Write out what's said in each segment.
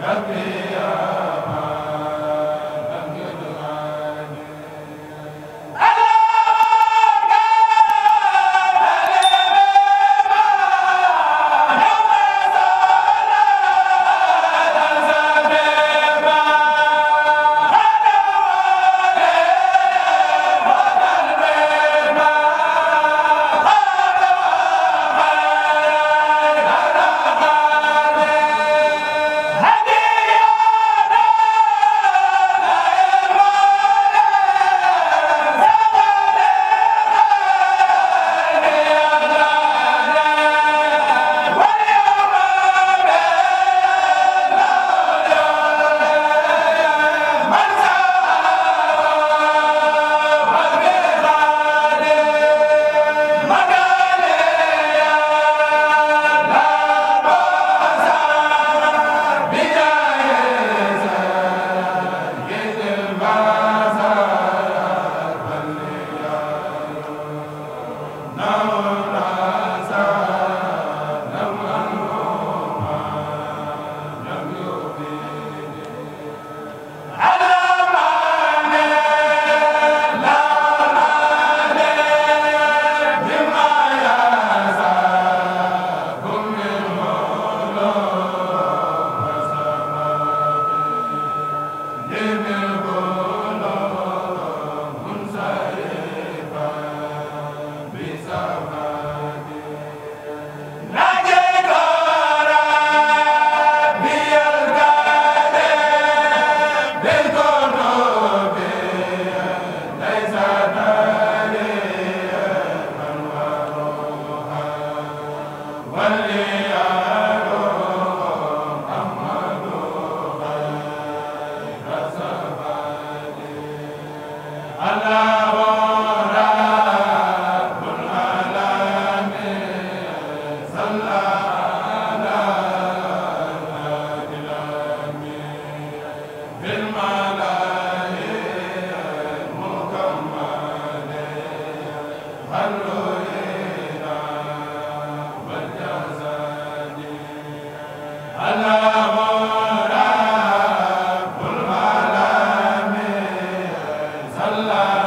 Rabbi salla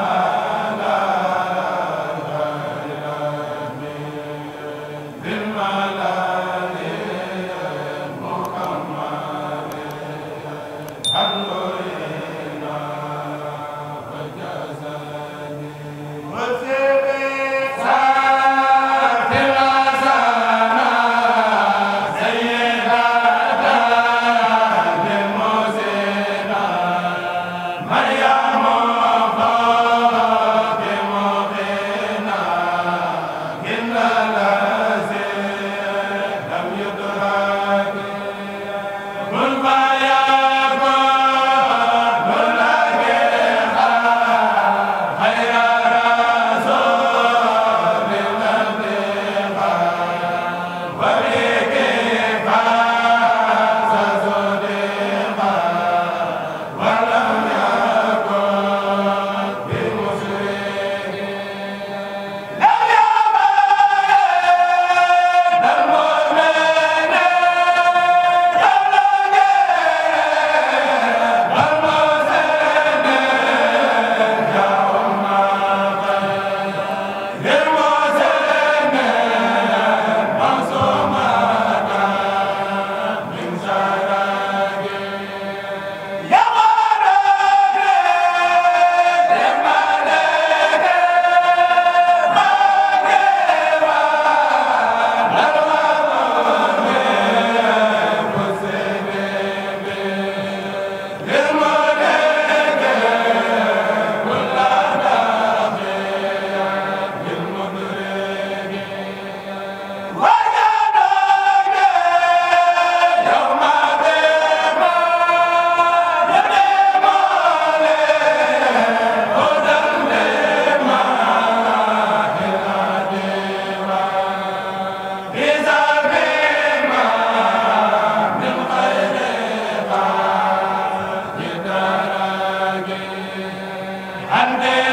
Ande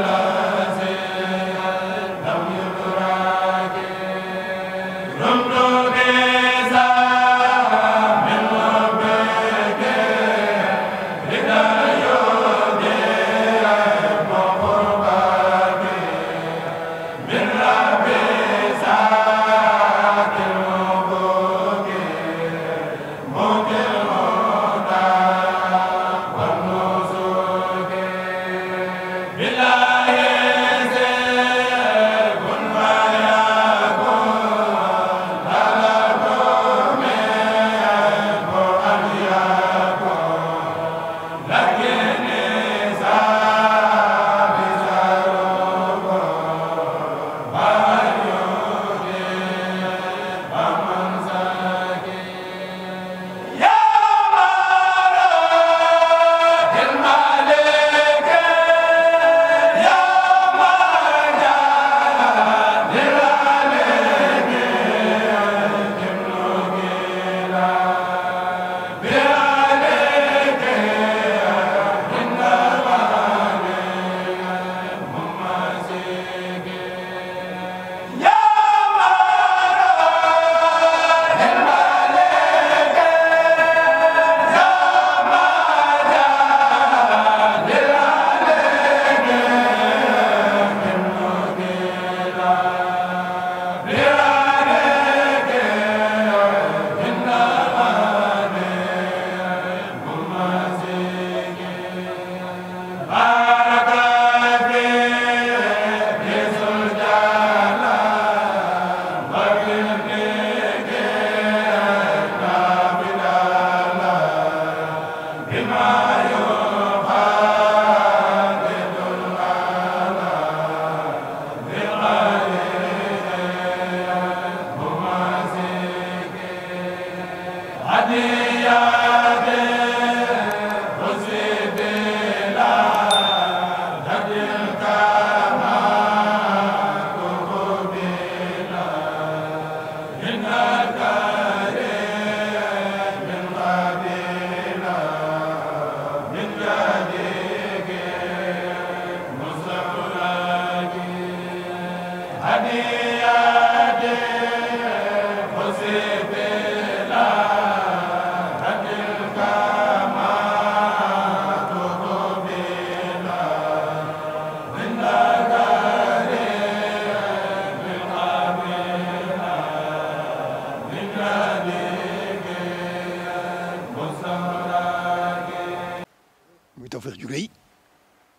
la